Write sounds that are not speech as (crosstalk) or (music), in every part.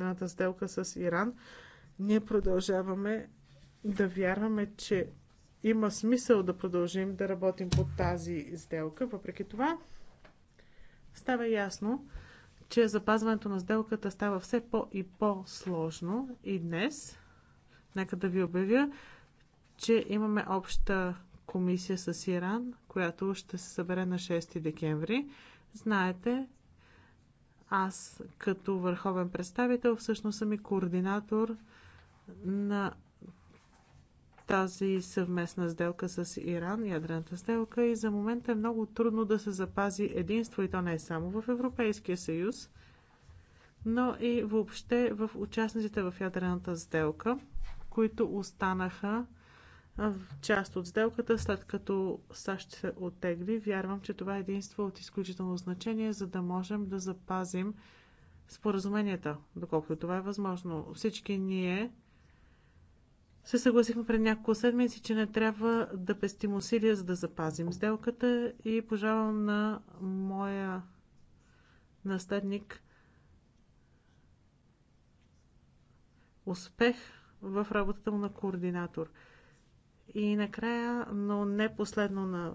едната сделка с Иран, ние продължаваме да вярваме, че има смисъл да продължим да работим по тази сделка. Въпреки това, става ясно, че запазването на сделката става все по- и по-сложно. И днес, нека да ви обявя, че имаме обща комисия с Иран, която ще се събере на 6 декември. Знаете, аз като върховен представител всъщност съм и координатор на тази съвместна сделка с Иран, ядрената сделка и за момента е много трудно да се запази единство и то не е само в Европейския съюз, но и въобще в участниците в ядрената сделка, които останаха част от сделката, след като САЩ се оттегли. Вярвам, че това е единство от изключително значение, за да можем да запазим споразуменията, доколкото това е възможно. Всички ние се съгласихме пред няколко седмици, че не трябва да пестим усилия, за да запазим сделката и пожелавам на моя наследник успех в работата му на координатор. И накрая, но не последно на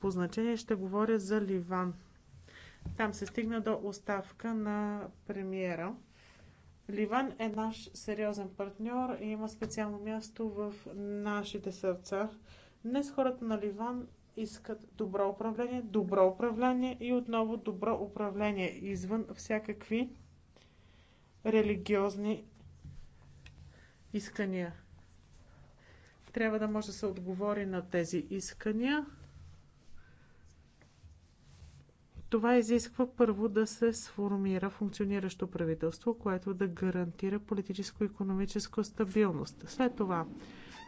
по значение, ще говоря за Ливан. Там се стигна до оставка на премиера. Ливан е наш сериозен партньор и има специално място в нашите сърца. Днес хората на Ливан искат добро управление, добро управление и отново добро управление извън всякакви религиозни искания. Трябва да може да се отговори на тези искания. Това изисква първо да се сформира функциониращо правителство, което да гарантира политическо-економическа стабилност. След това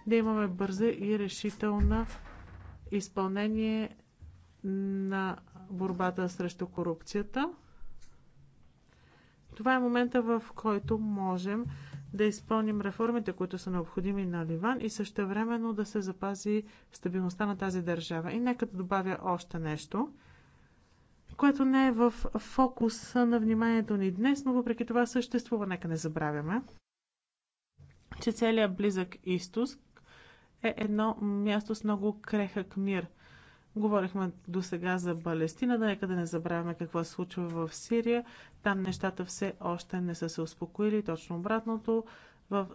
да имаме бърза и решителна изпълнение на борбата срещу корупцията. Това е момента, в който можем да изпълним реформите, които са необходими на Ливан и същевременно да се запази стабилността на тази държава. И нека да добавя още нещо, което не е в фокуса на вниманието ни днес, но въпреки това съществува. Нека не забравяме, че целият близък изток е едно място с много крехък мир. Говорихме до сега за Палестина, да нека да не забравяме какво се случва в Сирия. Там нещата все още не са се успокоили, точно обратното. В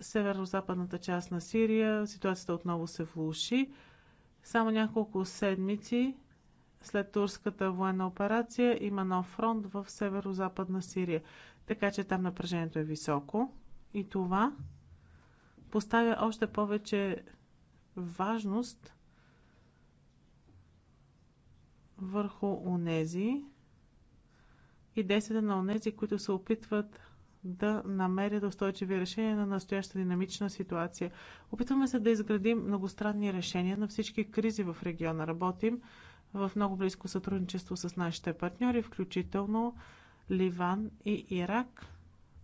северо-западната част на Сирия ситуацията отново се влуши. Само няколко седмици след турската военна операция има нов фронт в северо-западна Сирия. Така че там напрежението е високо и това поставя още повече важност върху онези и действията на онези, които се опитват да намерят устойчиви решения на настояща динамична ситуация. Опитваме се да изградим многостранни решения на всички кризи в региона. Работим в много близко сътрудничество с нашите партньори, включително Ливан и Ирак,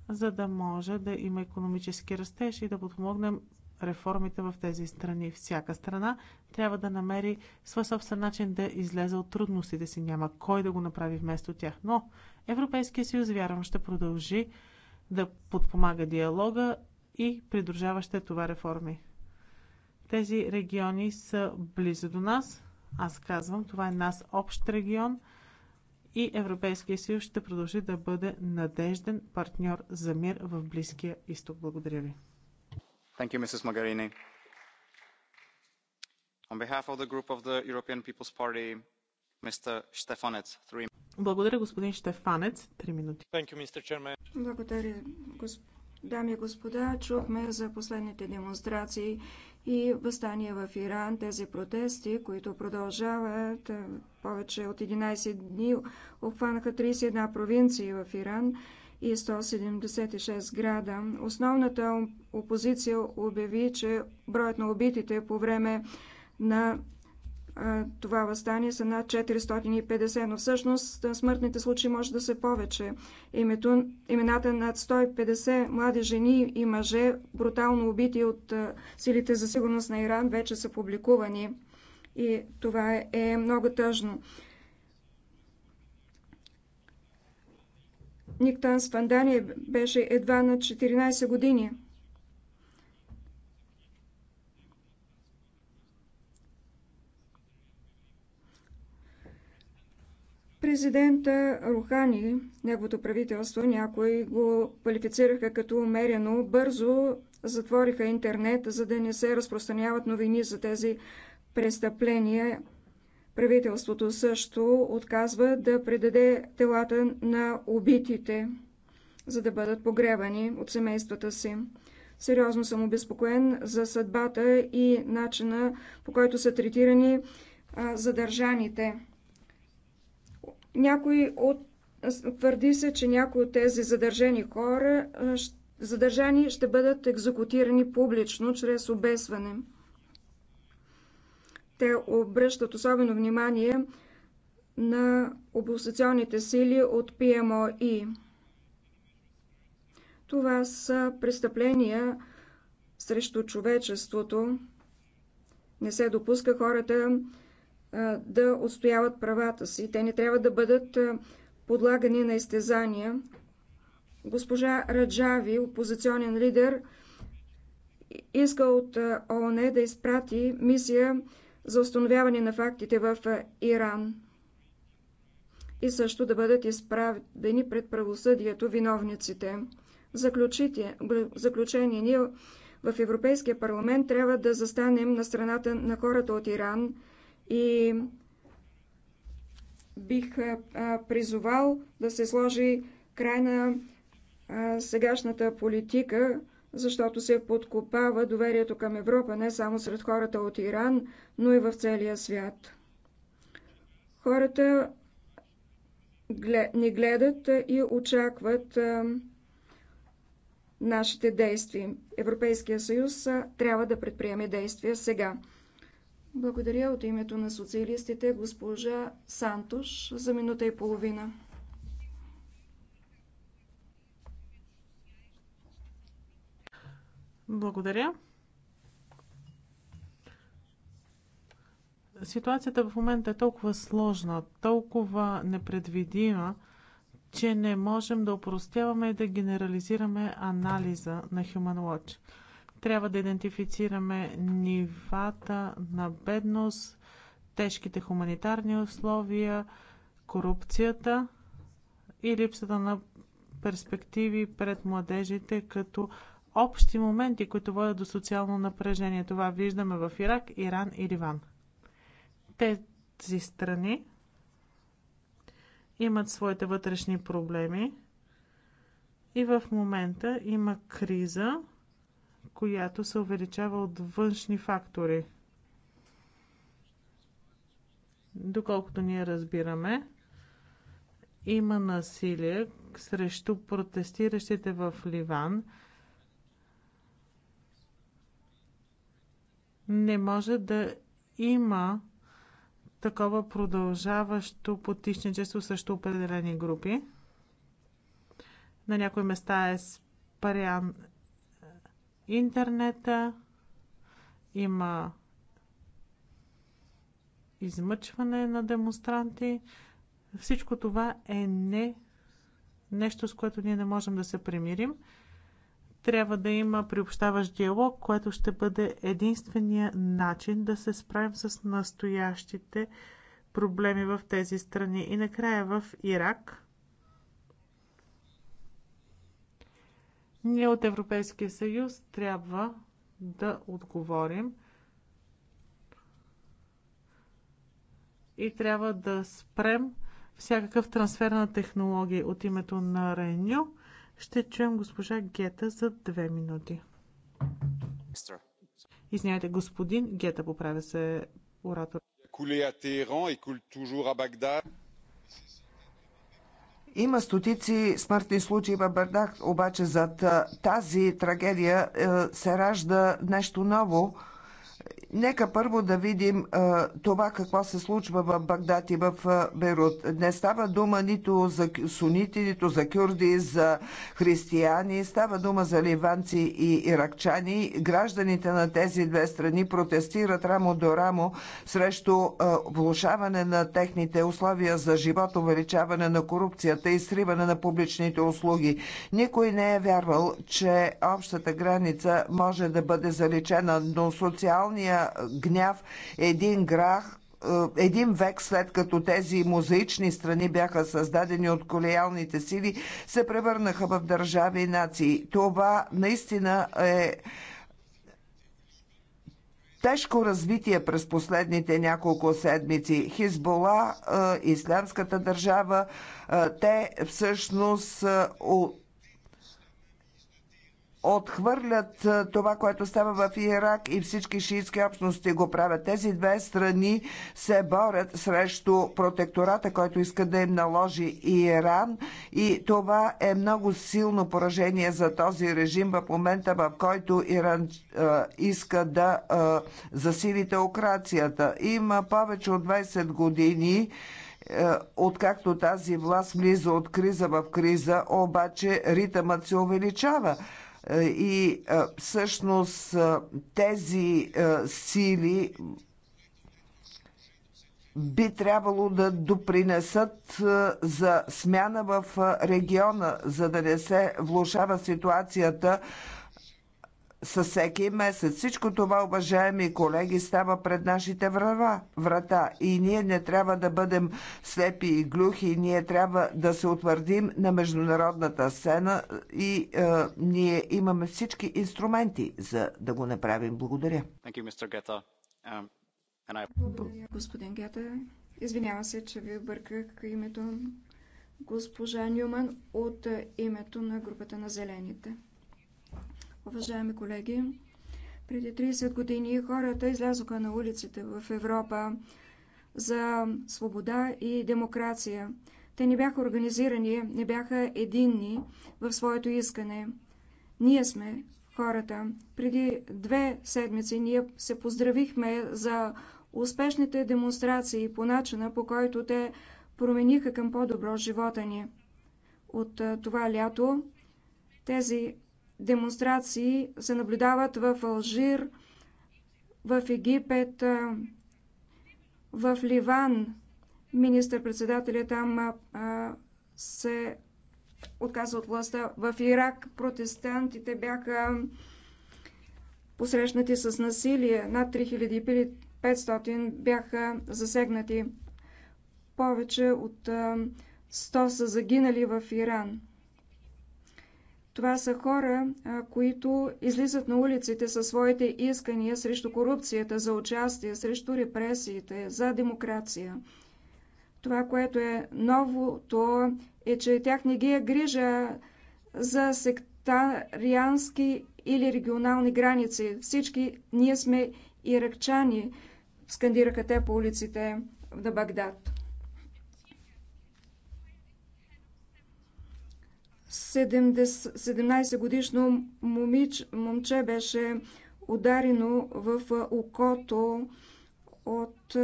за да може да има економически растеж и да подпомогнем реформите в тези страни. Всяка страна трябва да намери своя собствен начин да излезе от трудностите си. Няма кой да го направи вместо тях. Но Европейския съюз, вярвам, ще продължи да подпомага диалога и придружаващите това реформи. Тези региони са близо до нас. Аз казвам, това е нас общ регион и Европейския съюз ще продължи да бъде надежден партньор за мир в Близкия изток. Благодаря ви thank you ms mogherini on behalf of the group of the european people's party mr tefanec three благодаря, господин Штефанец. Три минути. You, Благодаря, госп... дами и господа. Чухме за последните демонстрации и възстания в Иран, тези протести, които продължават повече от 11 дни, обхванаха 31 провинции в Иран и 176 града. Основната опозиция обяви, че броят на убитите по време на това възстание са над 450, но всъщност смъртните случаи може да са повече. Името, имената над 150 млади жени и мъже, брутално убити от силите за сигурност на Иран, вече са публикувани. И това е много тъжно. Никтан Спандани беше едва на 14 години. Президента Рухани, неговото правителство, някои го квалифицираха като умерено, бързо затвориха интернет, за да не се разпространяват новини за тези престъпления Правителството също отказва да предаде телата на убитите, за да бъдат погребани от семействата си. Сериозно съм обезпокоен за съдбата и начина по който са третирани а, задържаните. Някой от твърди се, че някои от тези задържани хора задържани ще бъдат екзекутирани публично чрез обесване. Те обръщат особено внимание на опозиционните сили от ПМОИ. Това са престъпления срещу човечеството. Не се допуска хората да отстояват правата си. Те не трябва да бъдат подлагани на изтезания. Госпожа Раджави, опозиционен лидер, иска от ООН е да изпрати мисия за установяване на фактите в Иран и също да бъдат изправени пред правосъдието виновниците. Заключение ние в Европейския парламент трябва да застанем на страната на хората от Иран и бих призовал да се сложи край на сегашната политика, защото се подкопава доверието към Европа не само сред хората от Иран, но и в целия свят. Хората ни гледат и очакват нашите действия. Европейския съюз трябва да предприеме действия сега. Благодаря от името на социалистите госпожа Сантош за минута и половина. Благодаря. Ситуацията в момента е толкова сложна, толкова непредвидима, че не можем да упростяваме и да генерализираме анализа на Human Watch. Трябва да идентифицираме нивата на бедност, тежките хуманитарни условия, корупцията и липсата на перспективи пред младежите като общи моменти, които водят до социално напрежение. Това виждаме в Ирак, Иран и Ливан. Тези страни имат своите вътрешни проблеми и в момента има криза, която се увеличава от външни фактори. Доколкото ние разбираме, има насилие срещу протестиращите в Ливан – Не може да има такова продължаващо потисничество срещу определени групи. На някои места е спрян е, интернета, има измъчване на демонстранти. Всичко това е не нещо, с което ние не можем да се примирим трябва да има приобщаващ диалог, което ще бъде единствения начин да се справим с настоящите проблеми в тези страни. И накрая в Ирак. Ние от Европейския съюз трябва да отговорим и трябва да спрем всякакъв трансфер на технологии от името на Реню ще чуем госпожа Гета за две минути. Извинявайте, господин Гета поправя се оратор. Има стотици смъртни случаи в Бардак, обаче зад тази трагедия е, се ражда нещо ново – Нека първо да видим а, това какво се случва в Багдад и в а, Берут. Не става дума нито за сунити, нито за кюрди, за християни. Става дума за ливанци и иракчани. Гражданите на тези две страни протестират рамо до рамо срещу а, влушаване на техните условия за живот, увеличаване на корупцията и сриване на публичните услуги. Никой не е вярвал, че общата граница може да бъде заличена, но социалния гняв един грах е, един век след като тези мозаични страни бяха създадени от колеялните сили, се превърнаха в държави и нации. Това наистина е тежко развитие през последните няколко седмици. Хизбола, е, Ислямската държава, е, те всъщност отхвърлят това, което става в Ирак и всички шиитски общности го правят. Тези две страни се борят срещу протектората, който иска да им наложи и Иран и това е много силно поражение за този режим в момента, в който Иран е, иска да е, засили теокрацията. Има повече от 20 години откакто тази власт влиза от криза в криза, обаче ритъмът се увеличава. Е, и е, всъщност е, тези сили би трябвало да допринесат за смяна в региона, за да не се влушава ситуацията със всеки месец. Всичко това, уважаеми колеги, става пред нашите врата, врата. И ние не трябва да бъдем слепи и глухи. Ние трябва да се утвърдим на международната сцена и е, ние имаме всички инструменти за да го направим. Благодаря. Um, Благодаря, господин Гета. Извинявам се, че ви обърках името госпожа Нюман от е, името на групата на зелените. Уважаеми колеги, преди 30 години хората излязоха на улиците в Европа за свобода и демокрация. Те не бяха организирани, не бяха единни в своето искане. Ние сме хората. Преди две седмици ние се поздравихме за успешните демонстрации по начина, по който те промениха към по-добро живота ни. От това лято тези демонстрации се наблюдават в Алжир, в Египет, в Ливан. Министър-председателя там се отказа от властта. В Ирак протестантите бяха посрещнати с насилие. Над 3500 бяха засегнати. Повече от 100 са загинали в Иран. Това са хора, които излизат на улиците със своите искания срещу корупцията, за участие, срещу репресиите, за демокрация. Това, което е новото, е, че тях не ги е грижа за сектариански или регионални граници. Всички ние сме иракчани, скандираха те по улиците на Багдад. 17-годишно момич, момче беше ударено в окото от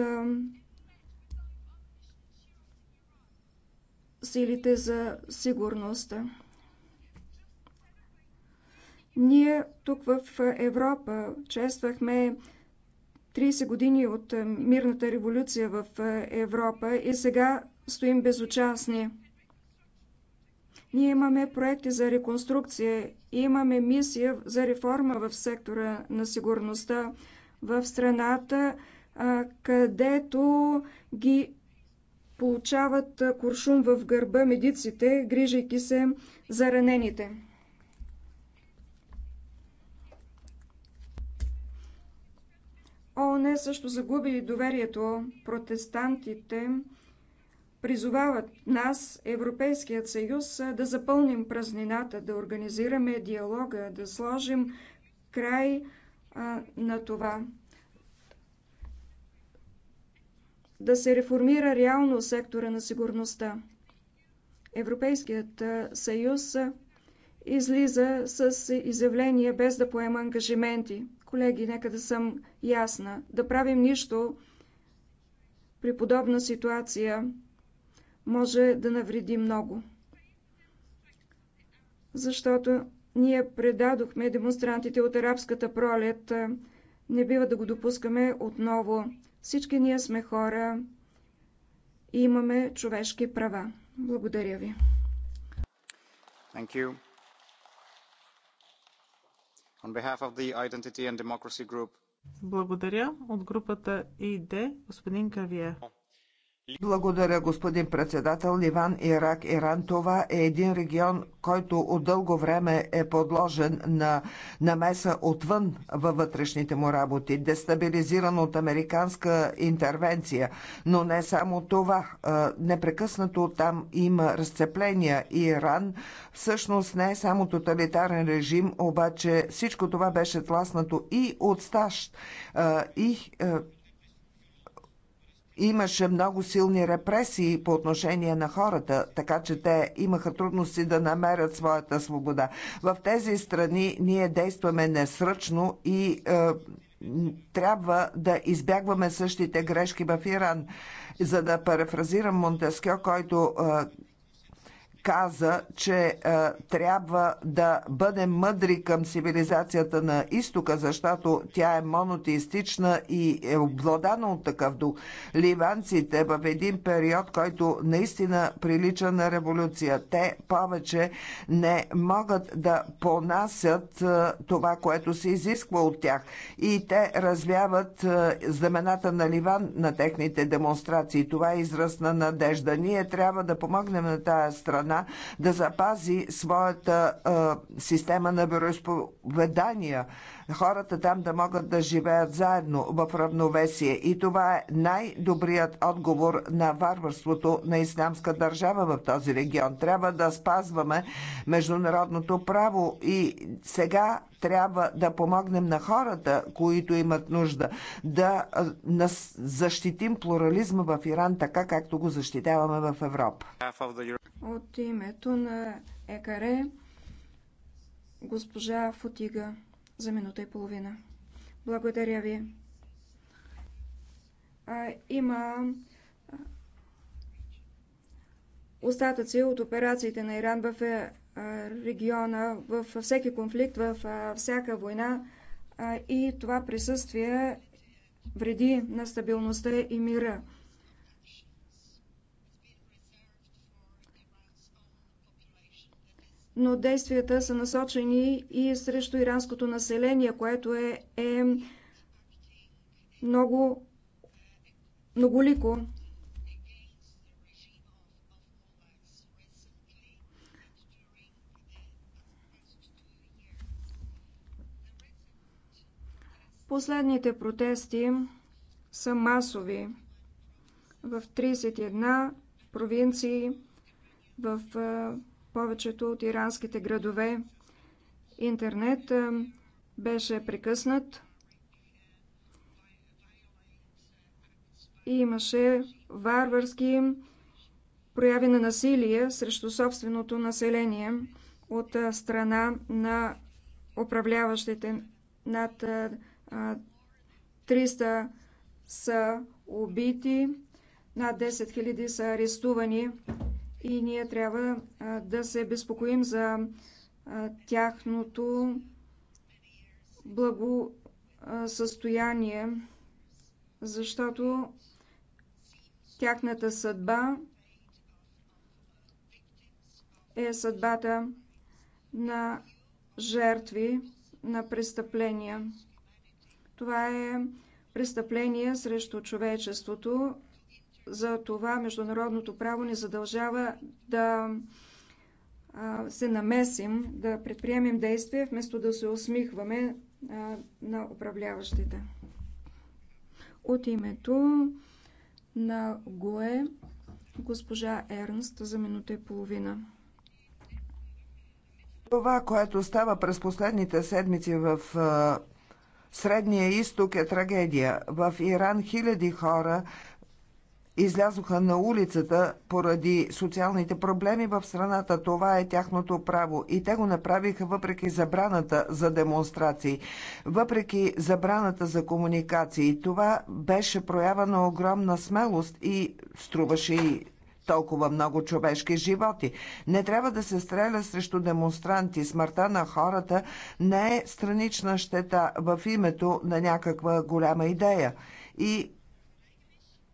силите за сигурност. Ние тук в Европа чествахме 30 години от мирната революция в Европа и сега стоим безучастни. Ние имаме проекти за реконструкция, и имаме мисия за реформа в сектора на сигурността в страната, където ги получават куршум в гърба медиците, грижайки се за ранените. ООН също загуби доверието протестантите призовават нас, Европейският съюз, да запълним празнината, да организираме диалога, да сложим край а, на това. Да се реформира реално сектора на сигурността. Европейският съюз излиза с изявления без да поема ангажименти. Колеги, нека да съм ясна. Да правим нищо при подобна ситуация може да навреди много. Защото ние предадохме демонстрантите от арабската пролет. Не бива да го допускаме отново. Всички ние сме хора и имаме човешки права. Благодаря ви. Thank you. On behalf of the Identity and Democracy Group. Благодаря. От групата ИД, господин Кавие. Благодаря, господин председател. Ливан, Ирак, Иран. Това е един регион, който от дълго време е подложен на намеса отвън във вътрешните му работи, дестабилизиран от американска интервенция. Но не само това. Непрекъснато там има разцепления. Иран всъщност не е само тоталитарен режим, обаче всичко това беше тласнато и от САЩ. И имаше много силни репресии по отношение на хората, така че те имаха трудности да намерят своята свобода. В тези страни ние действаме несръчно и е, трябва да избягваме същите грешки в Иран. За да парафразирам Монтескьо, който е, каза, че е, трябва да бъдем мъдри към цивилизацията на изтока, защото тя е монотеистична и е обладана от такъв дух. Ливанците в един период, който наистина прилича на революция, те повече не могат да понасят е, това, което се изисква от тях. И те развяват е, знамената на Ливан на техните демонстрации. Това е израз на надежда. Ние трябва да помогнем на тая страна страна да запази своята а, система на вероисповедания. Хората там да могат да живеят заедно в равновесие. И това е най-добрият отговор на варварството на ислямска държава в този регион. Трябва да спазваме международното право и сега трябва да помогнем на хората, които имат нужда, да защитим плурализма в Иран така, както го защитаваме в Европа. От името на ЕКАРЕ госпожа Футига за минута и половина. Благодаря ви. А, има остатъци от операциите на Иран в е, региона, във всеки конфликт, в всяка война и това присъствие вреди на стабилността и мира. но действията са насочени и срещу иранското население, което е, е много многолико. Последните протести са масови в 31 провинции в повечето от иранските градове. Интернет беше прекъснат и имаше варварски прояви на насилие срещу собственото население от страна на управляващите. Над 300 са убити, над 10 000 са арестувани и ние трябва да се безпокоим за тяхното благосъстояние, защото тяхната съдба е съдбата на жертви на престъпления. Това е престъпление срещу човечеството за това международното право ни задължава да се намесим, да предприемем действия, вместо да се усмихваме на управляващите. От името на ГОЕ госпожа Ернст за минута и половина. Това, което става през последните седмици в Средния изток е трагедия. В Иран хиляди хора излязоха на улицата поради социалните проблеми в страната. Това е тяхното право. И те го направиха въпреки забраната за демонстрации, въпреки забраната за комуникации. Това беше проява на огромна смелост и струваше и толкова много човешки животи. Не трябва да се стреля срещу демонстранти. Смъртта на хората не е странична щета в името на някаква голяма идея. И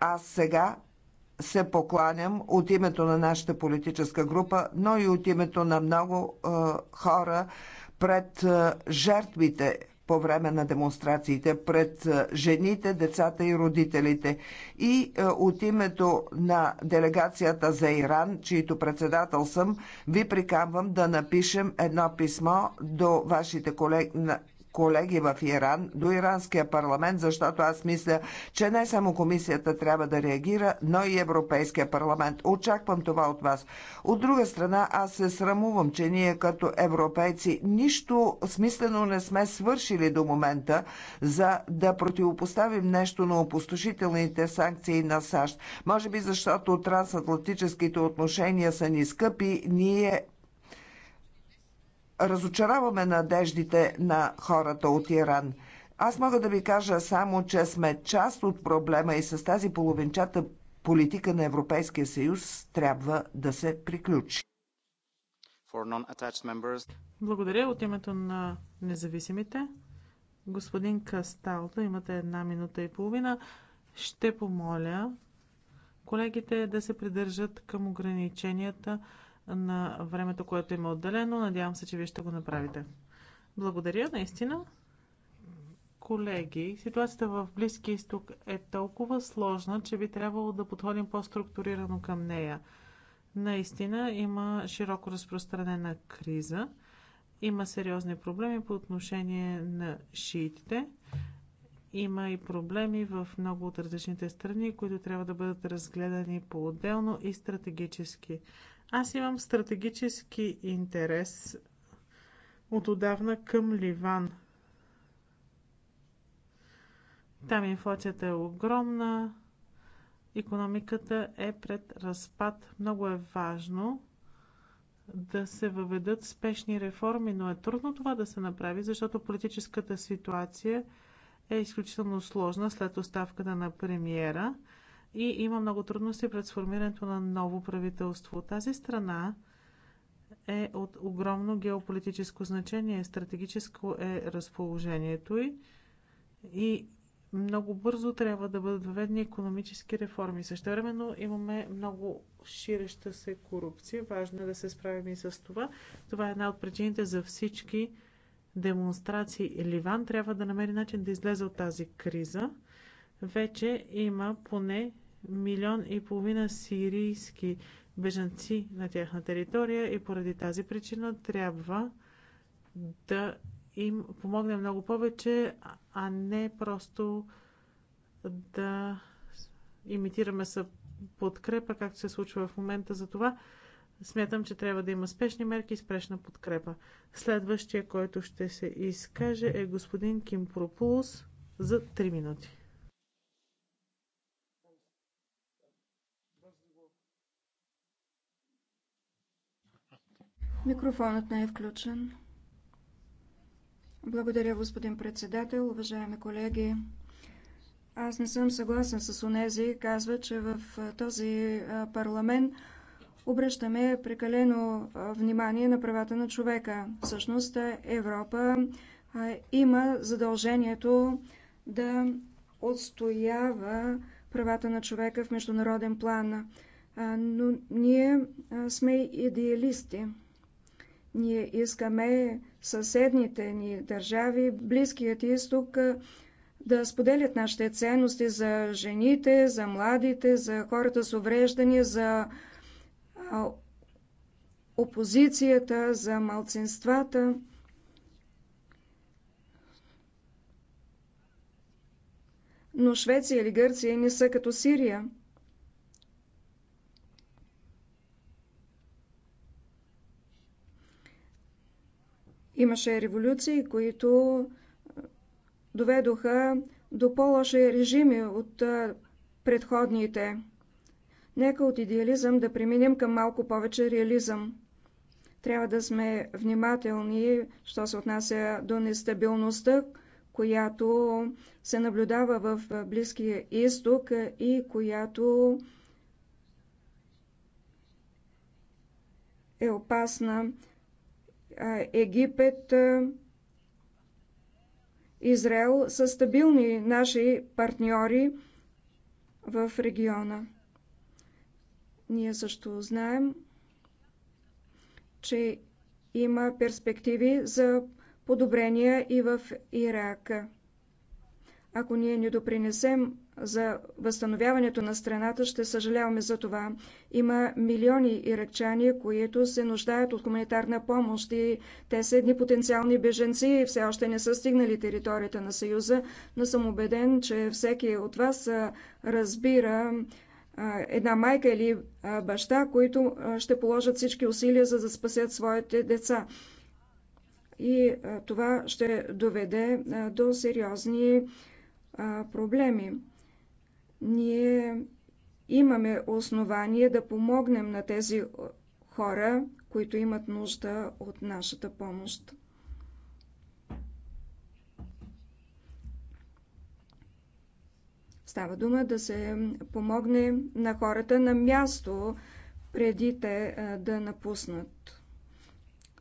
аз сега се покланям от името на нашата политическа група, но и от името на много е, хора пред е, жертвите по време на демонстрациите, пред е, жените, децата и родителите. И е, от името на делегацията за Иран, чието председател съм, ви приканвам да напишем едно писмо до вашите колеги колеги в Иран, до иранския парламент, защото аз мисля, че не само комисията трябва да реагира, но и Европейския парламент. Очаквам това от вас. От друга страна, аз се срамувам, че ние като европейци нищо смислено не сме свършили до момента, за да противопоставим нещо на опустошителните санкции на САЩ. Може би защото трансатлантическите отношения са ни скъпи, ние разочароваме надеждите на хората от Иран. Аз мога да ви кажа само, че сме част от проблема и с тази половинчата политика на Европейския съюз трябва да се приключи. Благодаря от името на независимите. Господин Касталто, имате една минута и половина. Ще помоля колегите да се придържат към ограниченията на времето, което има отделено. Надявам се, че вие ще го направите. Благодаря, наистина. Колеги, ситуацията в Близки изток е толкова сложна, че би трябвало да подходим по-структурирано към нея. Наистина има широко разпространена криза, има сериозни проблеми по отношение на шиитите, има и проблеми в много от различните страни, които трябва да бъдат разгледани по-отделно и стратегически. Аз имам стратегически интерес от отдавна към Ливан. Там инфлацията е огромна, економиката е пред разпад. Много е важно да се въведат спешни реформи, но е трудно това да се направи, защото политическата ситуация е изключително сложна след оставката на премиера и има много трудности пред сформирането на ново правителство. Тази страна е от огромно геополитическо значение, стратегическо е разположението й и много бързо трябва да бъдат въведени економически реформи. Също времено имаме много ширеща се корупция. Важно е да се справим и с това. Това е една от причините за всички демонстрации. Ливан трябва да намери начин да излезе от тази криза. Вече има поне милион и половина сирийски бежанци на тяхна територия и поради тази причина трябва да им помогне много повече, а не просто да имитираме подкрепа, както се случва в момента. За това смятам, че трябва да има спешни мерки и спешна подкрепа. Следващия, който ще се изкаже е господин Ким Пропулус за 3 минути. Микрофонът не е включен. Благодаря, господин председател. Уважаеми колеги, аз не съм съгласен с онези, казва, че в този парламент обръщаме прекалено внимание на правата на човека. Всъщност Европа има задължението да отстоява правата на човека в международен план. Но ние сме идеалисти. Ние искаме съседните ни държави, Близкият изток, да споделят нашите ценности за жените, за младите, за хората с увреждания, за опозицията, за малцинствата. Но Швеция или Гърция не са като Сирия – Имаше революции, които доведоха до по-лоши режими от предходните. Нека от идеализъм да преминем към малко повече реализъм. Трябва да сме внимателни, що се отнася до нестабилността, която се наблюдава в Близкия изток и която е опасна Египет, Израел са стабилни наши партньори в региона. Ние също знаем, че има перспективи за подобрения и в Ирака. Ако ние не допринесем за възстановяването на страната, ще съжаляваме за това. Има милиони иракчани, които се нуждаят от хуманитарна помощ и те са едни потенциални беженци и все още не са стигнали територията на Съюза, но съм убеден, че всеки от вас разбира една майка или баща, които ще положат всички усилия, за да спасят своите деца. И това ще доведе до сериозни проблеми. Ние имаме основание да помогнем на тези хора, които имат нужда от нашата помощ. Става дума да се помогне на хората на място, преди те да напуснат,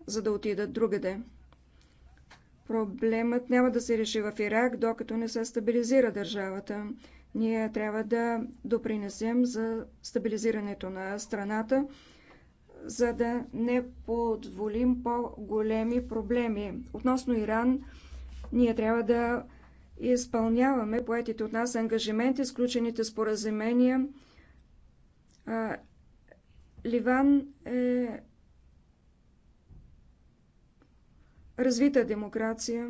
за да отидат другаде. Проблемът няма да се реши в Ирак, докато не се стабилизира държавата. Ние трябва да допринесем за стабилизирането на страната, за да не подволим по-големи проблеми. Относно Иран, ние трябва да изпълняваме поетите от нас ангажименти, сключените споразумения. Ливан е развита демокрация.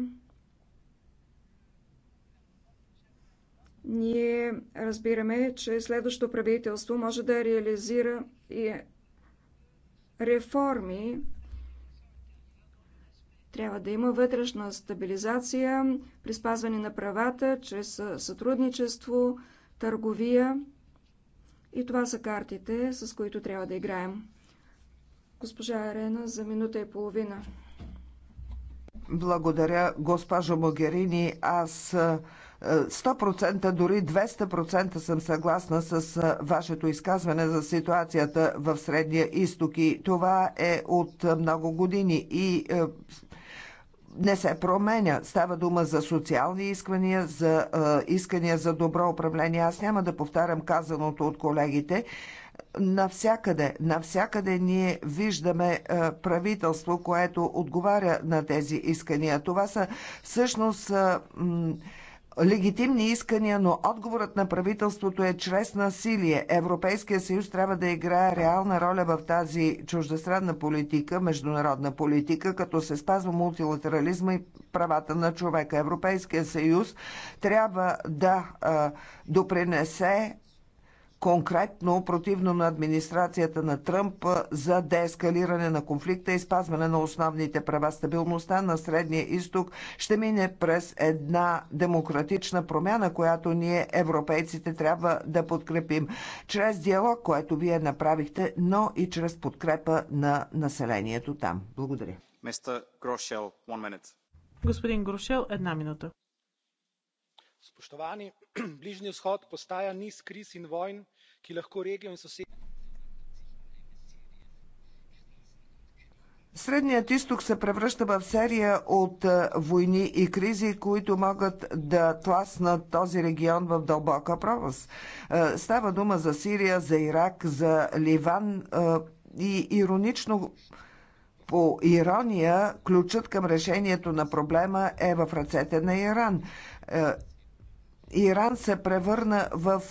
Ние разбираме, че следващото правителство може да реализира и реформи. Трябва да има вътрешна стабилизация, при спазване на правата, чрез сътрудничество, търговия. И това са картите, с които трябва да играем. Госпожа Арена за минута и половина. Благодаря, госпожо Могерини. Аз 100%, дори 200% съм съгласна с вашето изказване за ситуацията в Средния изток и това е от много години и е, не се променя. Става дума за социални искания, за искания за добро управление. Аз няма да повтарям казаното от колегите навсякъде, навсякъде ние виждаме правителство, което отговаря на тези искания. Това са всъщност легитимни искания, но отговорът на правителството е чрез насилие. Европейския съюз трябва да играе реална роля в тази чуждестранна политика, международна политика, като се спазва мултилатерализма и правата на човека. Европейския съюз трябва да допринесе конкретно противно на администрацията на Тръмп за деескалиране на конфликта и спазване на основните права. Стабилността на Средния изток ще мине през една демократична промяна, която ние, европейците, трябва да подкрепим чрез диалог, което вие направихте, но и чрез подкрепа на населението там. Благодаря. Господин Грушел, една минута spoštovani (clears throat) bližnji vzhod postaja niz kriz in vojn ki lahko regijo in Средният изток се превръща в серия от войни и кризи, които могат да тласнат този регион в дълбока пропаст. Е, става дума за Сирия, за Ирак, за Ливан е, и иронично по ирония ключът към решението на проблема е в ръцете на Иран е, Иран се превърна в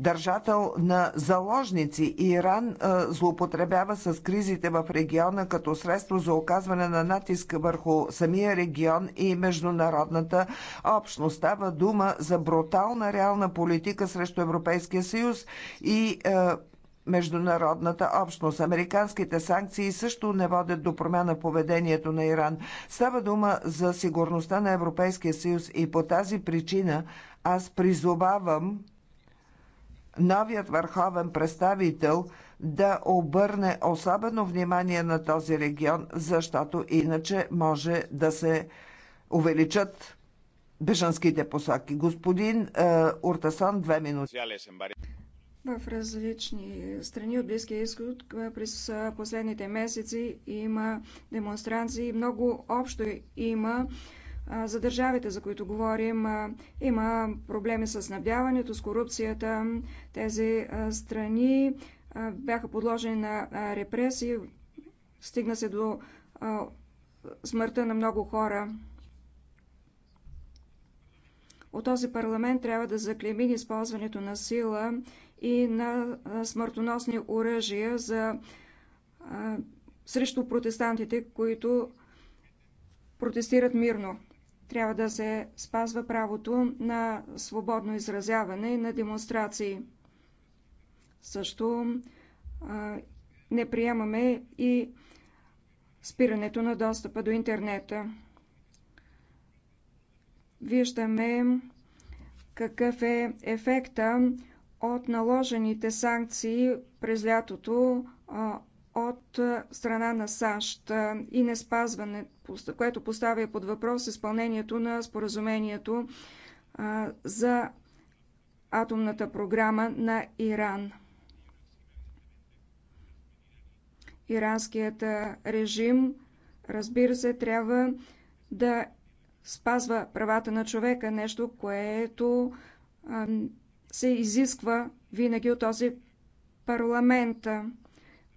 държател на заложници. Иран злоупотребява с кризите в региона като средство за оказване на натиск върху самия регион и международната общност. Става дума за брутална реална политика срещу Европейския съюз и международната общност. Американските санкции също не водят до промяна в поведението на Иран. Става дума за сигурността на Европейския съюз и по тази причина аз призовавам новият върховен представител да обърне особено внимание на този регион, защото иначе може да се увеличат бежанските посоки. Господин е, Уртасон, две минути. В различни страни от Близкия изход през последните месеци има демонстранции много общо има за държавите, за които говорим. Има проблеми с снабдяването, с корупцията. Тези страни бяха подложени на репресии. Стигна се до смъртта на много хора. От този парламент трябва да заклемим използването на сила и на смъртоносни оръжия за, а, срещу протестантите, които протестират мирно. Трябва да се спазва правото на свободно изразяване и на демонстрации. Също а, не приемаме и спирането на достъпа до интернета. Виждаме какъв е ефекта от наложените санкции през лятото от страна на САЩ и не спазване, което поставя под въпрос изпълнението на споразумението за атомната програма на Иран. Иранският режим, разбира се, трябва да спазва правата на човека, нещо, което се изисква винаги от този парламент.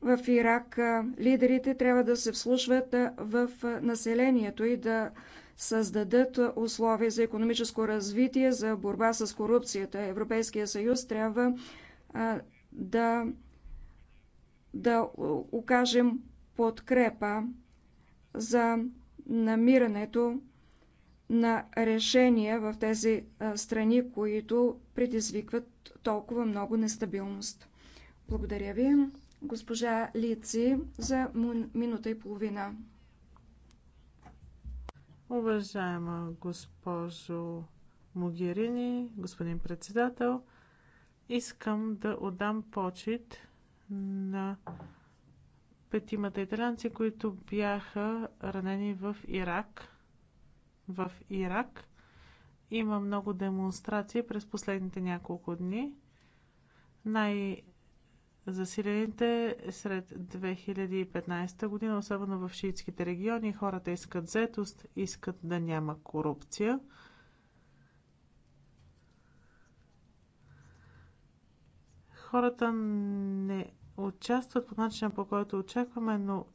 В Ирак лидерите трябва да се вслушват в населението и да създадат условия за економическо развитие, за борба с корупцията. Европейския съюз трябва да, да окажем подкрепа за намирането на решения в тези страни, които предизвикват толкова много нестабилност. Благодаря ви, госпожа Лици, за минута и половина. Уважаема госпожо Могерини, господин председател, искам да отдам почет на петимата италянци, които бяха ранени в Ирак – в Ирак. Има много демонстрации през последните няколко дни. Най-засилените сред 2015 година, особено в шиитските региони, хората искат заетост, искат да няма корупция. Хората не участват по начина по който очакваме, но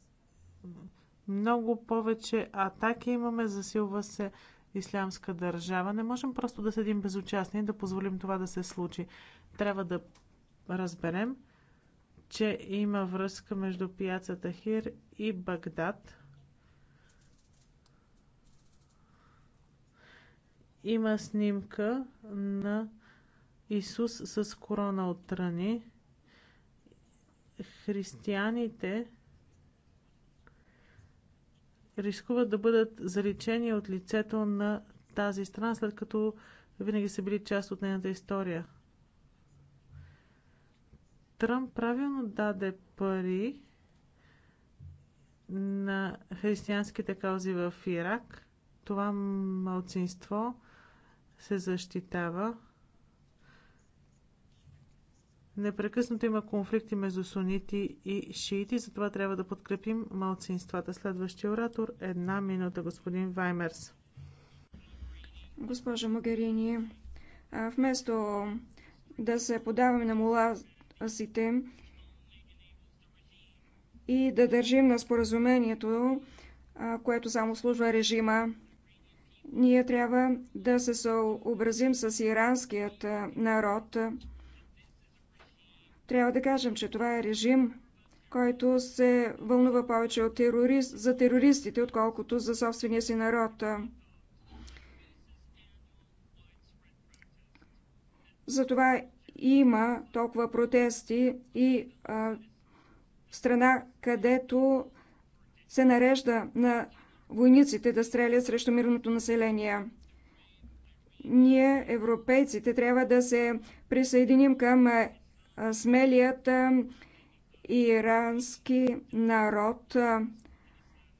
много повече атаки имаме, засилва се ислямска държава. Не можем просто да седим безучастни и да позволим това да се случи. Трябва да разберем, че има връзка между пияцата Хир и Багдад. Има снимка на Исус с корона от Християните рискуват да бъдат заличени от лицето на тази страна, след като винаги са били част от нейната история. Тръмп правилно даде пари на християнските каузи в Ирак. Това малцинство се защитава. Непрекъснато има конфликти между сунити и шиити, затова трябва да подкрепим малцинствата. Следващия оратор – една минута, господин Ваймерс. Госпожо Магарини, вместо да се подаваме на муласите и да държим на споразумението, което само служва режима, ние трябва да се съобразим с иранският народ – трябва да кажем, че това е режим, който се вълнува повече от терорист, за терористите, отколкото за собствения си народ. Затова има толкова протести и а, страна, където се нарежда на войниците да стрелят срещу мирното население. Ние, европейците, трябва да се присъединим към смелият ирански народ.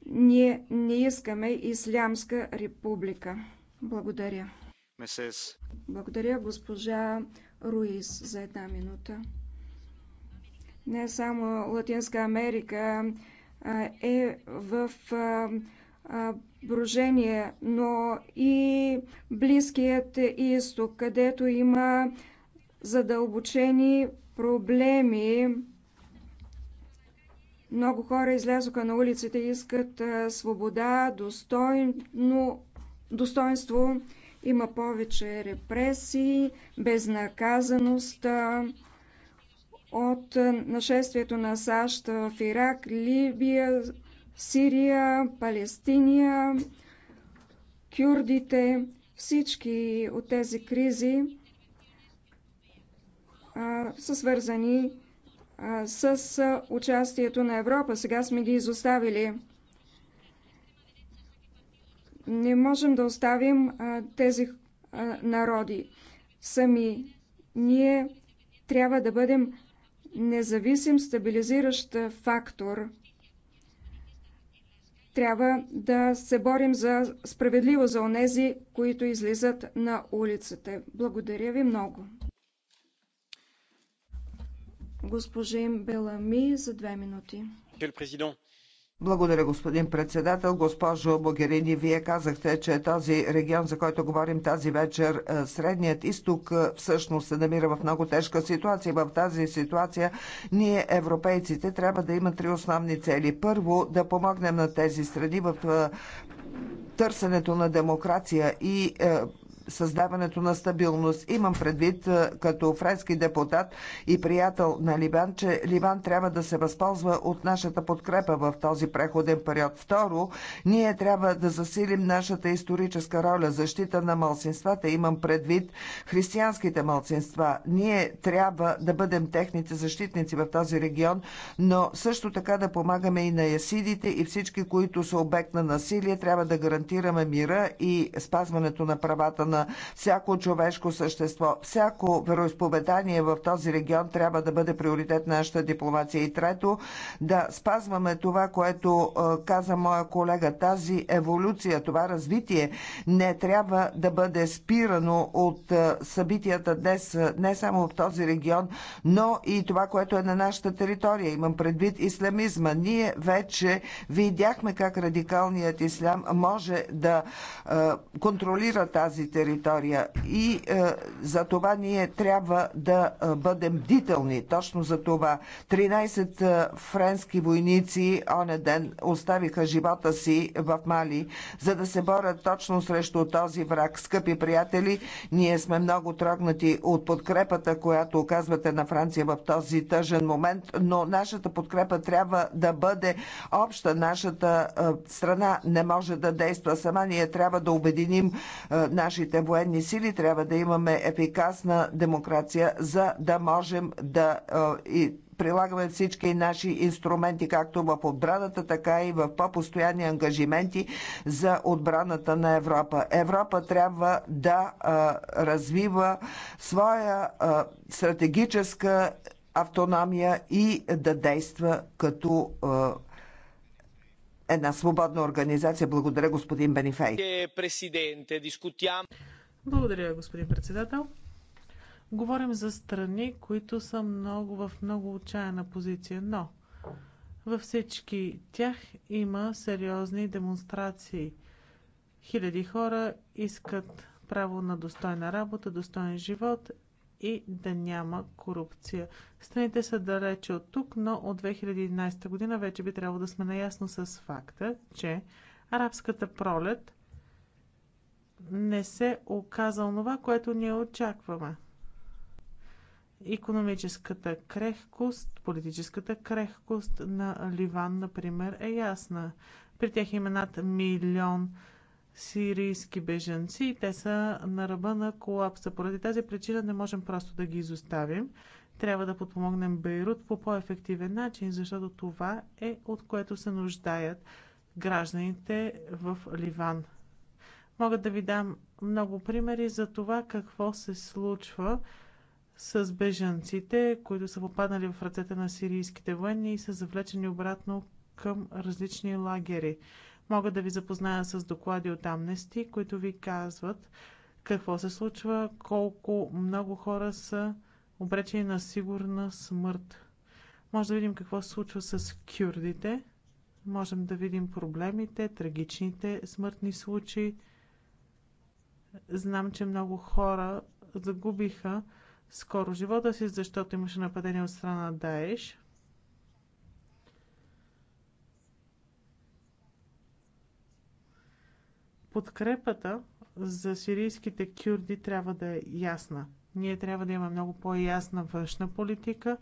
Ние не искаме Ислямска република. Благодаря. Месес. Благодаря госпожа Руис за една минута. Не само Латинска Америка е в брожение, но и Близкият изток, където има задълбочени проблеми. Много хора излязоха на улиците и искат свобода, достойно, достоинство. Има повече репресии, безнаказаност от нашествието на САЩ в Ирак, Либия, Сирия, Палестиния, кюрдите. Всички от тези кризи са свързани с участието на Европа. Сега сме ги изоставили. Не можем да оставим тези народи сами. Ние трябва да бъдем независим стабилизиращ фактор. Трябва да се борим за справедливо за онези, които излизат на улицата. Благодаря ви много. Белами за две минути. Благодаря, господин председател. Госпожо Богерини, вие казахте, че този регион, за който говорим тази вечер, е, Средният изток, е, всъщност се намира в много тежка ситуация. В тази ситуация ние, европейците, трябва да има три основни цели. Първо, да помогнем на тези страни в е, търсенето на демокрация и създаването на стабилност. Имам предвид е, като френски депутат и приятел на Ливан, че Ливан трябва да се възползва от нашата подкрепа в този преходен период. Второ, ние трябва да засилим нашата историческа роля, защита на малцинствата. Имам предвид християнските малцинства. Ние трябва да бъдем техните защитници в този регион, но също така да помагаме и на ясидите и всички, които са обект на насилие. Трябва да гарантираме мира и спазването на правата на всяко човешко същество. Всяко вероисповедание в този регион трябва да бъде приоритет на нашата дипломация. И трето, да спазваме това, което каза моя колега. Тази еволюция, това развитие не трябва да бъде спирано от събитията днес, не само в този регион, но и това, което е на нашата територия. Имам предвид исламизма. Ние вече видяхме как радикалният ислям може да контролира тази територия територия. И е, за това ние трябва да е, бъдем бдителни. Точно за това 13 е, френски войници оне ден оставиха живота си в Мали, за да се борят точно срещу този враг. Скъпи приятели, ние сме много трогнати от подкрепата, която оказвате на Франция в този тъжен момент, но нашата подкрепа трябва да бъде обща. Нашата е, страна не може да действа сама. Ние трябва да обединим нашите нашите военни сили, трябва да имаме ефикасна демокрация, за да можем да и прилагаме всички наши инструменти, както в отбраната, така и в по-постоянни ангажименти за отбраната на Европа. Европа трябва да развива своя стратегическа автономия и да действа като а, една свободна организация. Благодаря, господин Бенифей. Е, Благодаря, господин председател. Говорим за страни, които са много в много отчаяна позиция, но във всички тях има сериозни демонстрации. Хиляди хора искат право на достойна работа, достоен живот и да няма корупция. Страните са далече от тук, но от 2011 година вече би трябвало да сме наясно с факта, че арабската пролет не се оказа онова, което ние очакваме. Икономическата крехкост, политическата крехкост на Ливан, например, е ясна. При тях има над милион сирийски бежанци. Те са на ръба на колапса. Поради тази причина не можем просто да ги изоставим. Трябва да подпомогнем Бейрут по по-ефективен начин, защото това е от което се нуждаят гражданите в Ливан. Мога да ви дам много примери за това какво се случва с бежанците, които са попаднали в ръцете на сирийските военни и са завлечени обратно към различни лагери. Мога да ви запозная с доклади от Амнести, които ви казват какво се случва, колко много хора са обречени на сигурна смърт. Може да видим какво се случва с кюрдите, можем да видим проблемите, трагичните смъртни случаи. Знам, че много хора загубиха скоро живота си, защото имаше нападение от страна на Даеш. Подкрепата за сирийските кюрди трябва да е ясна. Ние трябва да имаме много по-ясна външна политика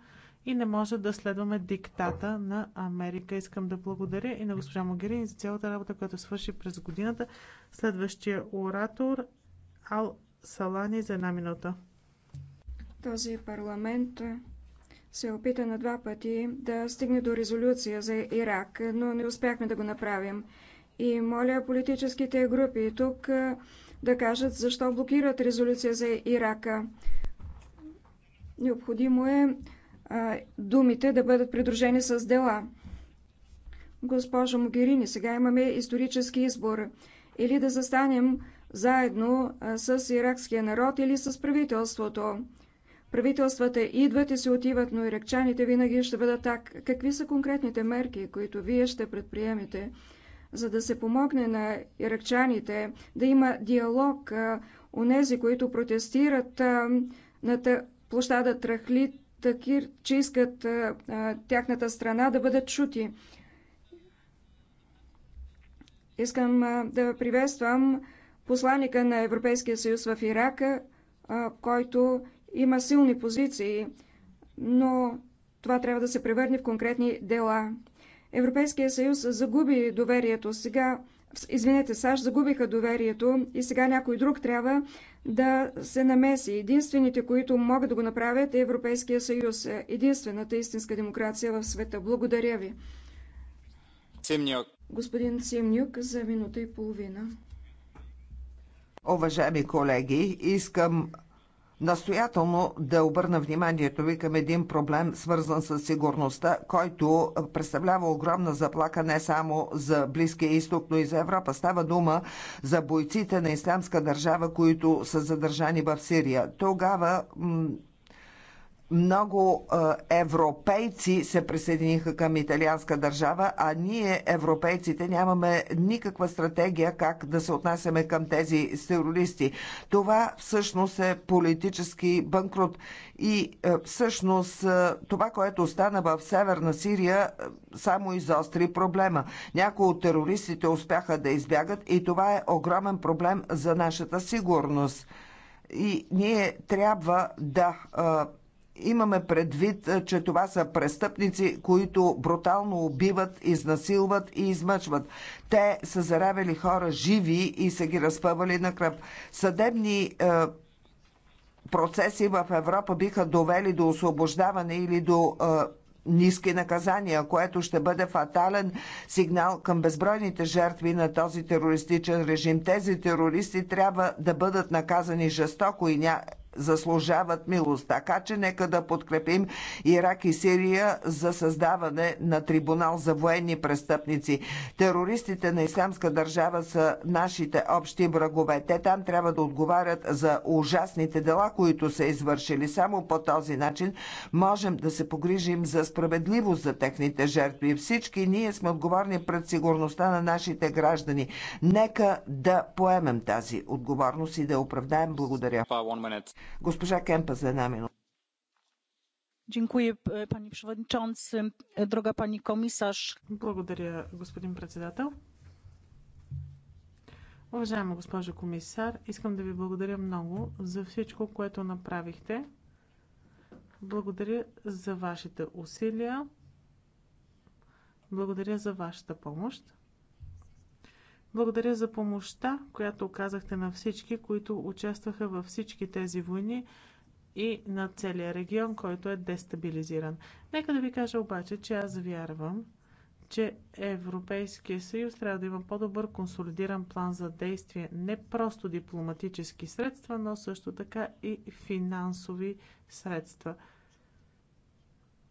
и не може да следваме диктата на Америка. Искам да благодаря и на госпожа Могерини за цялата работа, която свърши през годината. Следващия оратор Ал Салани за една минута. Този парламент се опита на два пъти да стигне до резолюция за Ирак, но не успяхме да го направим. И моля политическите групи тук да кажат защо блокират резолюция за Ирака. Необходимо е а, думите да бъдат придружени с дела. Госпожо Могерини, сега имаме исторически избор. Или да застанем заедно с иракския народ или с правителството. Правителствата идват и се отиват, но иракчаните винаги ще бъдат так. Какви са конкретните мерки, които вие ще предприемете? за да се помогне на иракчаните да има диалог нези, които протестират на площада Трахли, Такир, че искат тяхната страна да бъдат чути. Искам да приветствам посланника на Европейския съюз в Ирака, който има силни позиции, но това трябва да се превърне в конкретни дела. Европейския съюз загуби доверието сега, извинете, САЩ загубиха доверието и сега някой друг трябва да се намеси. Единствените, които могат да го направят е Европейския съюз, единствената истинска демокрация в света. Благодаря ви. Симнюк. Господин Симнюк, за минута и половина. Уважаеми колеги, искам настоятелно да обърна вниманието ви към един проблем, свързан с сигурността, който представлява огромна заплака не само за Близкия изток, но и за Европа. Става дума за бойците на Ислямска държава, които са задържани в Сирия. Тогава много европейци се присъединиха към италианска държава, а ние, европейците, нямаме никаква стратегия как да се отнасяме към тези терористи. Това всъщност е политически банкрут. И всъщност това, което остана в Северна Сирия, само изостри проблема. Някои от терористите успяха да избягат и това е огромен проблем за нашата сигурност. И ние трябва да имаме предвид, е, че това са престъпници, които брутално убиват, изнасилват и измъчват. Те са заравили хора живи и са ги разпъвали на кръв. Съдебни е, процеси в Европа биха довели до освобождаване или до е, ниски наказания, което ще бъде фатален сигнал към безбройните жертви на този терористичен режим. Тези терористи трябва да бъдат наказани жестоко и ня заслужават милост. Така че нека да подкрепим Ирак и Сирия за създаване на трибунал за военни престъпници. Терористите на Исламска държава са нашите общи врагове. Те там трябва да отговарят за ужасните дела, които са извършили. Само по този начин можем да се погрижим за справедливост за техните жертви. Всички ние сме отговорни пред сигурността на нашите граждани. Нека да поемем тази отговорност и да оправдаем. Благодаря. Госпожа Кемпа за една минута. E, e, благодаря, господин председател. Уважаема госпожо комисар, искам да ви благодаря много за всичко, което направихте. Благодаря за вашите усилия. Благодаря за вашата помощ. Благодаря за помощта, която оказахте на всички, които участваха във всички тези войни и на целия регион, който е дестабилизиран. Нека да ви кажа обаче, че аз вярвам, че Европейския съюз трябва да има по-добър консолидиран план за действие, не просто дипломатически средства, но също така и финансови средства –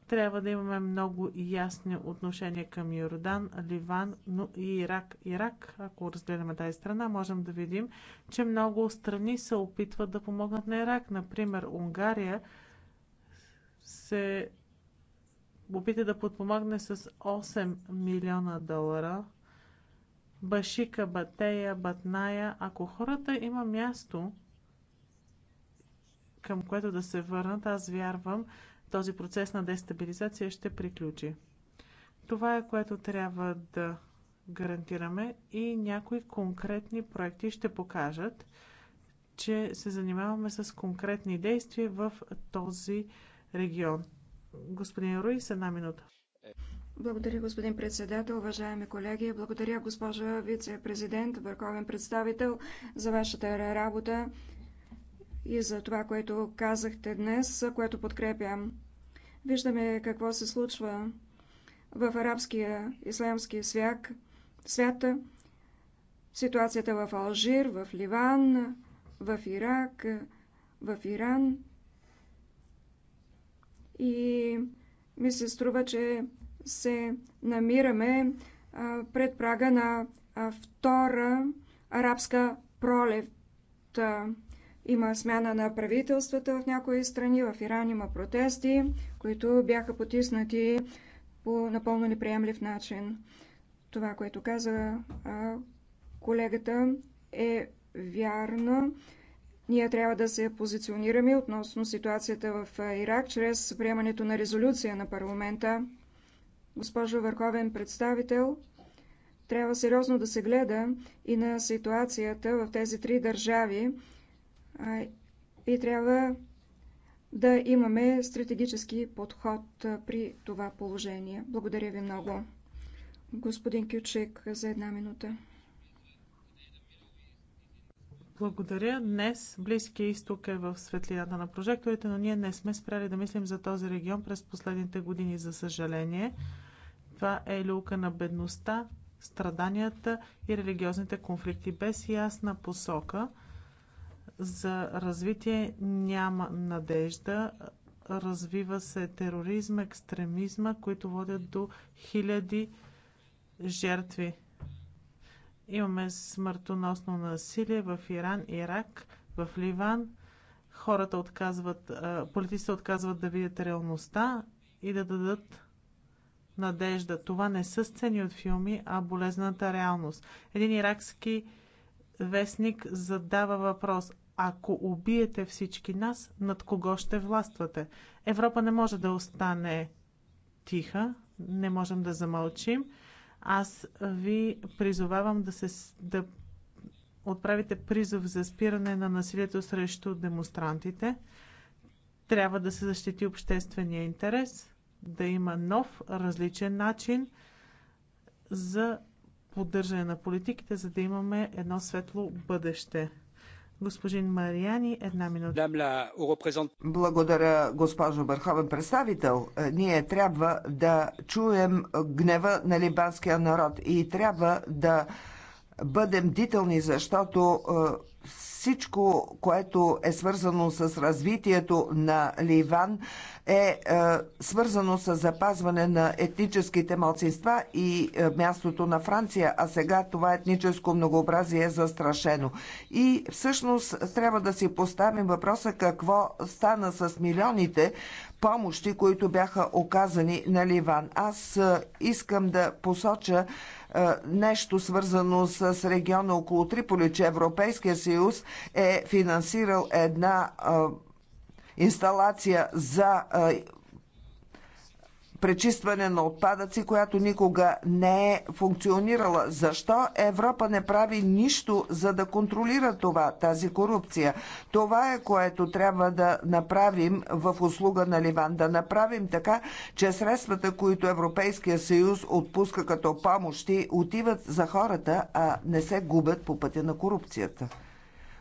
трябва да имаме много ясни отношения към Йордан, Ливан, но и Ирак. Ирак, ако разгледаме тази страна, можем да видим, че много страни се опитват да помогнат на Ирак. Например, Унгария се опита да подпомогне с 8 милиона долара. Башика, Батея, Батная. Ако хората има място, към което да се върнат, аз вярвам, този процес на дестабилизация ще приключи. Това е което трябва да гарантираме и някои конкретни проекти ще покажат, че се занимаваме с конкретни действия в този регион. Господин Руис, една минута. Благодаря, господин председател, уважаеми колеги. Благодаря, госпожа вице-президент, върховен представител, за вашата работа и за това, което казахте днес, което подкрепям. Виждаме какво се случва в арабския ислямски свят, свята, ситуацията в Алжир, в Ливан, в Ирак, в Иран. И ми се струва, че се намираме пред прага на втора арабска пролет. Има смяна на правителствата в някои страни. В Иран има протести, които бяха потиснати по напълно неприемлив начин. Това, което каза а, колегата, е вярно. Ние трябва да се позиционираме относно ситуацията в Ирак чрез приемането на резолюция на парламента. Госпожо Върховен представител, трябва сериозно да се гледа и на ситуацията в тези три държави, и трябва да имаме стратегически подход при това положение. Благодаря ви много. Господин Кючек, за една минута. Благодаря. Днес Близкия изток е в светлината на прожекторите, но ние не сме спряли да мислим за този регион през последните години, за съжаление. Това е люлка на бедността, страданията и религиозните конфликти без ясна посока – за развитие няма надежда. Развива се тероризъм, екстремизма, които водят до хиляди жертви. Имаме смъртоносно насилие в Иран, Ирак, в Ливан. Хората отказват, политиците отказват да видят реалността и да дадат надежда. Това не са сцени от филми, а болезната реалност. Един иракски вестник задава въпрос ако убиете всички нас, над кого ще властвате? Европа не може да остане тиха, не можем да замълчим. Аз ви призовавам да, се, да отправите призов за спиране на насилието срещу демонстрантите. Трябва да се защити обществения интерес, да има нов, различен начин за поддържане на политиките, за да имаме едно светло бъдеще. Господин Мариани, една минута. Благодаря, госпожо Върховен представител. Е, ние трябва да чуем гнева на либанския народ и трябва да бъдем дителни, защото е, всичко, което е свързано с развитието на Ливан, е, е свързано с запазване на етническите малцинства и е, мястото на Франция, а сега това етническо многообразие е застрашено. И всъщност трябва да си поставим въпроса какво стана с милионите помощи, които бяха оказани на Ливан. Аз е, искам да посоча е, нещо свързано с региона около Триполи, че Европейския съюз е финансирал една е, инсталация за е, пречистване на отпадъци, която никога не е функционирала. Защо Европа не прави нищо, за да контролира това, тази корупция? Това е което трябва да направим в услуга на Ливан. Да направим така, че средствата, които Европейския съюз отпуска като помощи, отиват за хората, а не се губят по пътя на корупцията.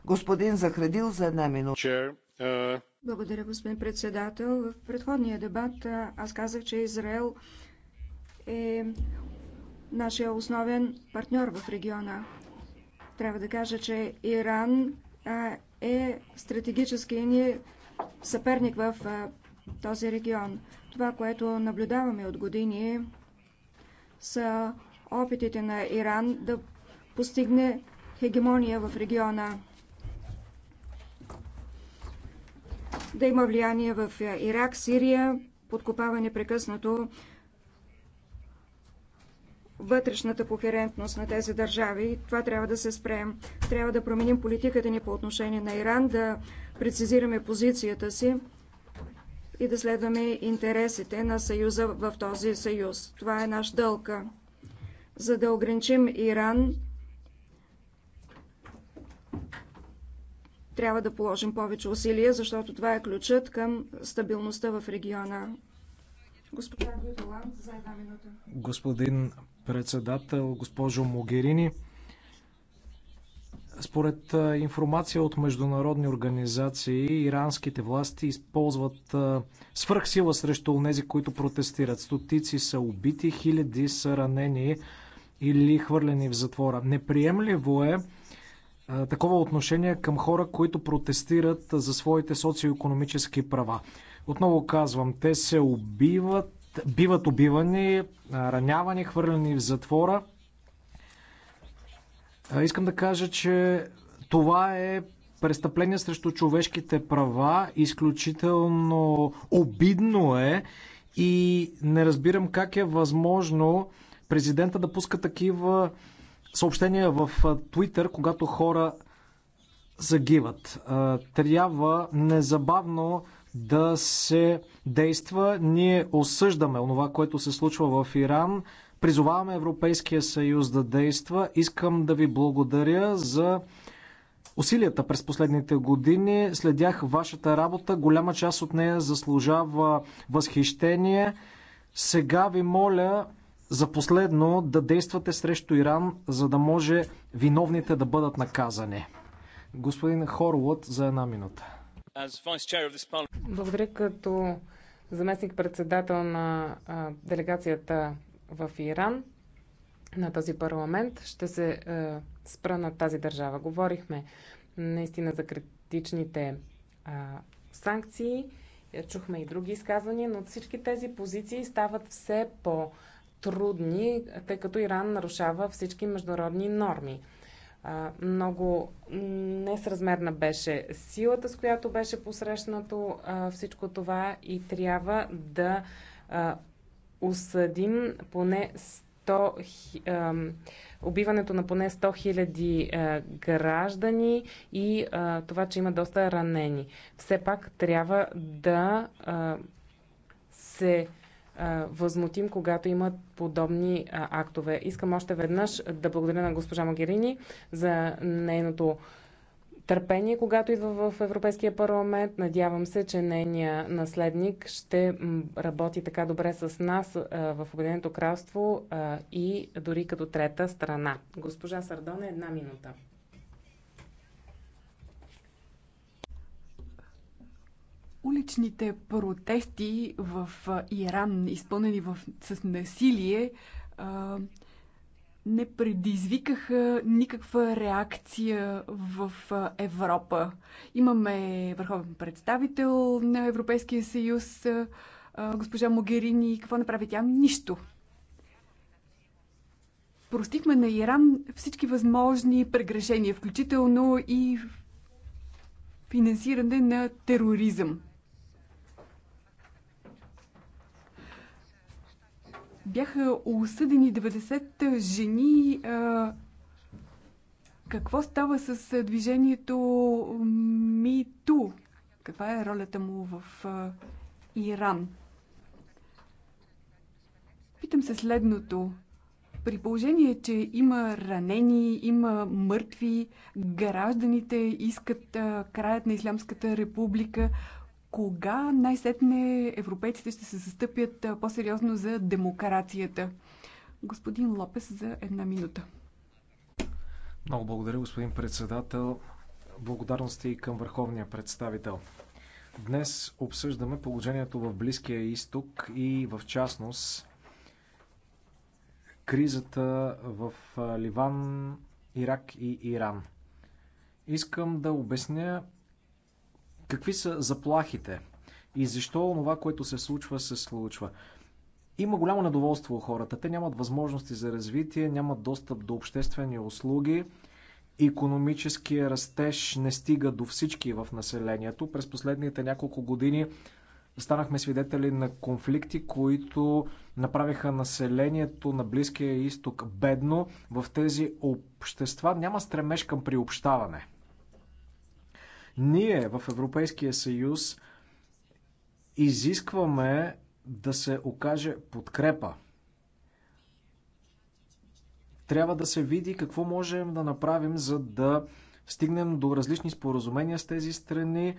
Господин Захредил за една минута. Uh, благодаря, господин председател. В предходния дебат аз казах, че Израел е нашия основен партньор в региона. Трябва да кажа, че Иран е стратегически ни съперник в този регион. Това, което наблюдаваме от години, са опитите на Иран да постигне хегемония в региона. да има влияние в е, Ирак, Сирия, подкопава непрекъснато вътрешната кохерентност на тези държави. Това трябва да се спрем. Трябва да променим политиката ни по отношение на Иран, да прецизираме позицията си и да следваме интересите на Съюза в този съюз. Това е наш дълг. За да ограничим Иран, Трябва да положим повече усилия, защото това е ключът към стабилността в региона. Господин за една минута. Господин председател, госпожо Могерини, според информация от международни организации, иранските власти използват свръхсила срещу тези, които протестират. Стотици са убити, хиляди са ранени или хвърлени в затвора. Неприемливо е такова отношение към хора, които протестират за своите социо-економически права. Отново казвам, те се убиват, биват убивани, ранявани, хвърлени в затвора. Искам да кажа, че това е престъпление срещу човешките права, изключително обидно е и не разбирам как е възможно президента да пуска такива съобщения в Твитър, когато хора загиват. Трябва незабавно да се действа. Ние осъждаме онова, което се случва в Иран. Призоваваме Европейския съюз да действа. Искам да ви благодаря за усилията през последните години. Следях вашата работа. Голяма част от нея заслужава възхищение. Сега ви моля за последно да действате срещу Иран, за да може виновните да бъдат наказани. Господин Хорлот за една минута. Благодаря като заместник-председател на делегацията в Иран на този парламент. Ще се спра на тази държава. Говорихме наистина за критичните санкции. Чухме и други изказвания, но всички тези позиции стават все по- трудни, тъй като Иран нарушава всички международни норми. Много несъразмерна беше силата, с която беше посрещнато всичко това и трябва да осъдим поне 100, убиването на поне 100 хиляди граждани и това, че има доста ранени. Все пак трябва да се възмутим, когато имат подобни актове. Искам още веднъж да благодаря на госпожа Магерини за нейното търпение, когато идва в Европейския парламент. Надявам се, че нейният наследник ще работи така добре с нас в Обединеното кралство и дори като трета страна. Госпожа Сардона, една минута. Уличните протести в Иран, изпълнени в, с насилие, а, не предизвикаха никаква реакция в Европа. Имаме върховен представител на Европейския съюз, а, госпожа Могерини. Какво направи тя? Нищо простихме на Иран всички възможни прегрешения, включително и финансиране на тероризъм. Бяха осъдени 90 жени. Какво става с движението МИТУ? Каква е ролята му в Иран? Питам се следното. При положение, че има ранени, има мъртви, гражданите искат краят на Ислямската република, кога най-сетне европейците ще се застъпят по-сериозно за демокрацията? Господин Лопес за една минута. Много благодаря, господин председател. Благодарности и към върховния представител. Днес обсъждаме положението в Близкия изток и в частност кризата в Ливан, Ирак и Иран. Искам да обясня Какви са заплахите и защо това, което се случва, се случва? Има голямо недоволство у хората. Те нямат възможности за развитие, нямат достъп до обществени услуги. Економическия растеж не стига до всички в населението. През последните няколко години станахме свидетели на конфликти, които направиха населението на Близкия изток бедно. В тези общества няма стремеж към приобщаване. Ние в Европейския съюз изискваме да се окаже подкрепа. Трябва да се види какво можем да направим, за да стигнем до различни споразумения с тези страни.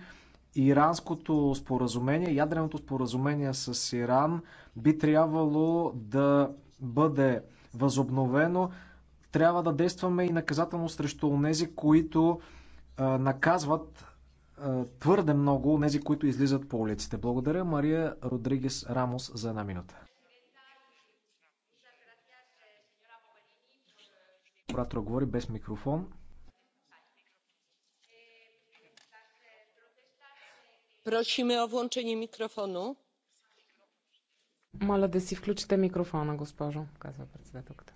Иранското споразумение, ядреното споразумение с Иран би трябвало да бъде възобновено. Трябва да действаме и наказателно срещу онези, които наказват твърде много тези, които излизат по улиците. Благодаря Мария Родригес Рамос за една минута. Оратора говори без микрофон. Просиме о влънчение микрофону. Моля да си включите микрофона, госпожо, казва председателката.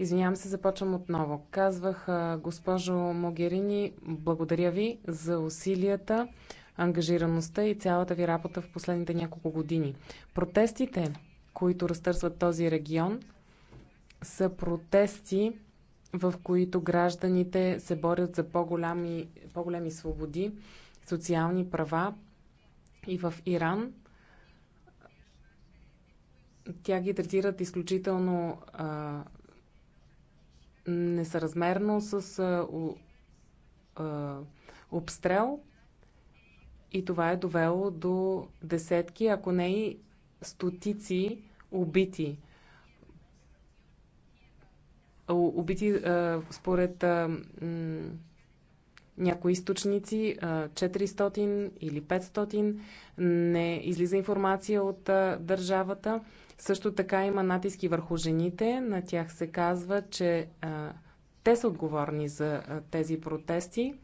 Извинявам се, започвам отново. Казвах, госпожо Могерини, благодаря ви за усилията, ангажираността и цялата ви работа в последните няколко години. Протестите, които разтърсват този регион, са протести, в които гражданите се борят за по-големи, по-големи свободи, социални права. И в Иран тя ги третират изключително а, несъразмерно с а, а, обстрел и това е довело до десетки, ако не и стотици убити. Убити а, според а, м, някои източници а, 400 или 500. Не излиза информация от а, държавата. Също така има натиски върху жените. На тях се казва, че а, те са отговорни за а, тези протести.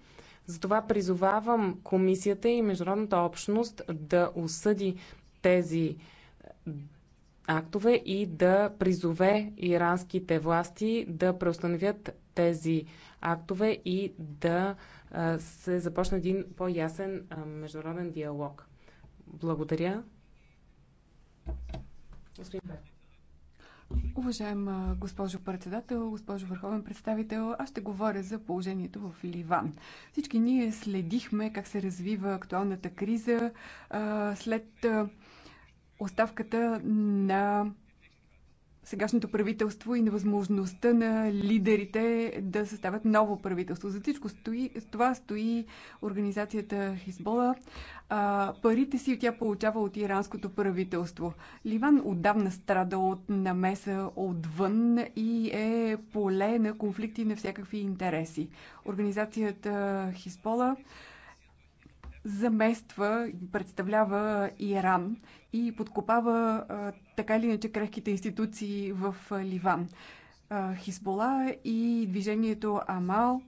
Затова призовавам комисията и международната общност да осъди тези актове и да призове иранските власти да преустановят тези актове и да се започне един по-ясен международен диалог. Благодаря. Господин Уважаема госпожо председател, госпожо върховен представител, аз ще говоря за положението в Ливан. Всички ние следихме как се развива актуалната криза а, след а, оставката на сегашното правителство и невъзможността на лидерите да съставят ново правителство. За всичко стои, това стои организацията Хизбола. А, парите си тя получава от иранското правителство. Ливан отдавна страда от намеса отвън и е поле на конфликти на всякакви интереси. Организацията Хизбола замества, представлява Иран и подкопава така или иначе крехките институции в Ливан. Хизбола и движението Амал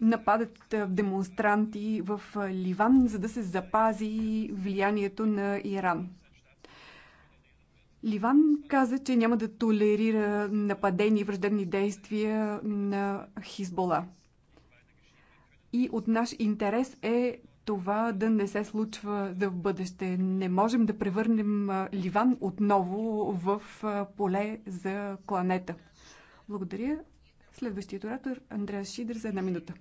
нападат демонстранти в Ливан, за да се запази влиянието на Иран. Ливан каза, че няма да толерира нападени и враждебни действия на Хизбола. И от наш интерес е това да не се случва за в бъдеще. Не можем да превърнем Ливан отново в поле за кланета. Благодаря. Следващият оратор Андреа Шидър за една минута.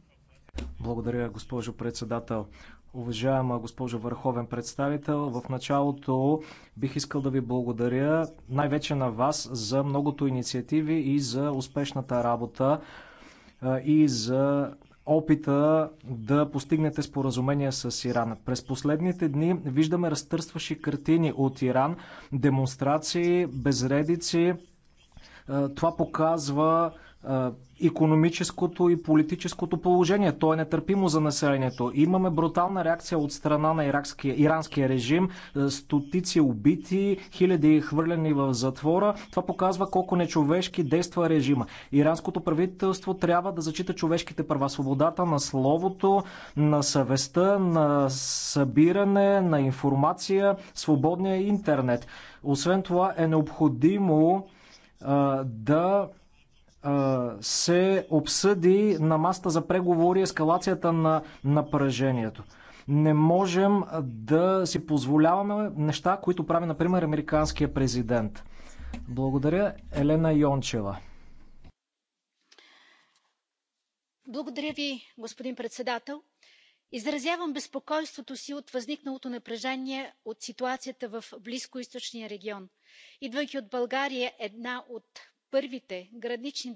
Благодаря, госпожо председател. Уважаема госпожо Върховен представител, в началото бих искал да ви благодаря най-вече на вас за многото инициативи и за успешната работа и за опита да постигнете споразумение с Иран. През последните дни виждаме разтърстващи картини от Иран, демонстрации, безредици. Е, това показва економическото и политическото положение. То е нетърпимо за населението. Имаме брутална реакция от страна на иракския, иранския режим, стотици убити, хиляди хвърлени в затвора. Това показва колко нечовешки действа режима. Иранското правителство трябва да зачита човешките права, свободата на словото, на съвестта, на събиране, на информация, свободния интернет. Освен това е необходимо да се обсъди на маста за преговори ескалацията на напрежението. Не можем да си позволяваме неща, които прави, например, американския президент. Благодаря, Елена Йончева. Благодаря ви, господин председател. Изразявам безпокойството си от възникналото напрежение от ситуацията в близкоисточния регион. Идвайки от България, една от първите гранични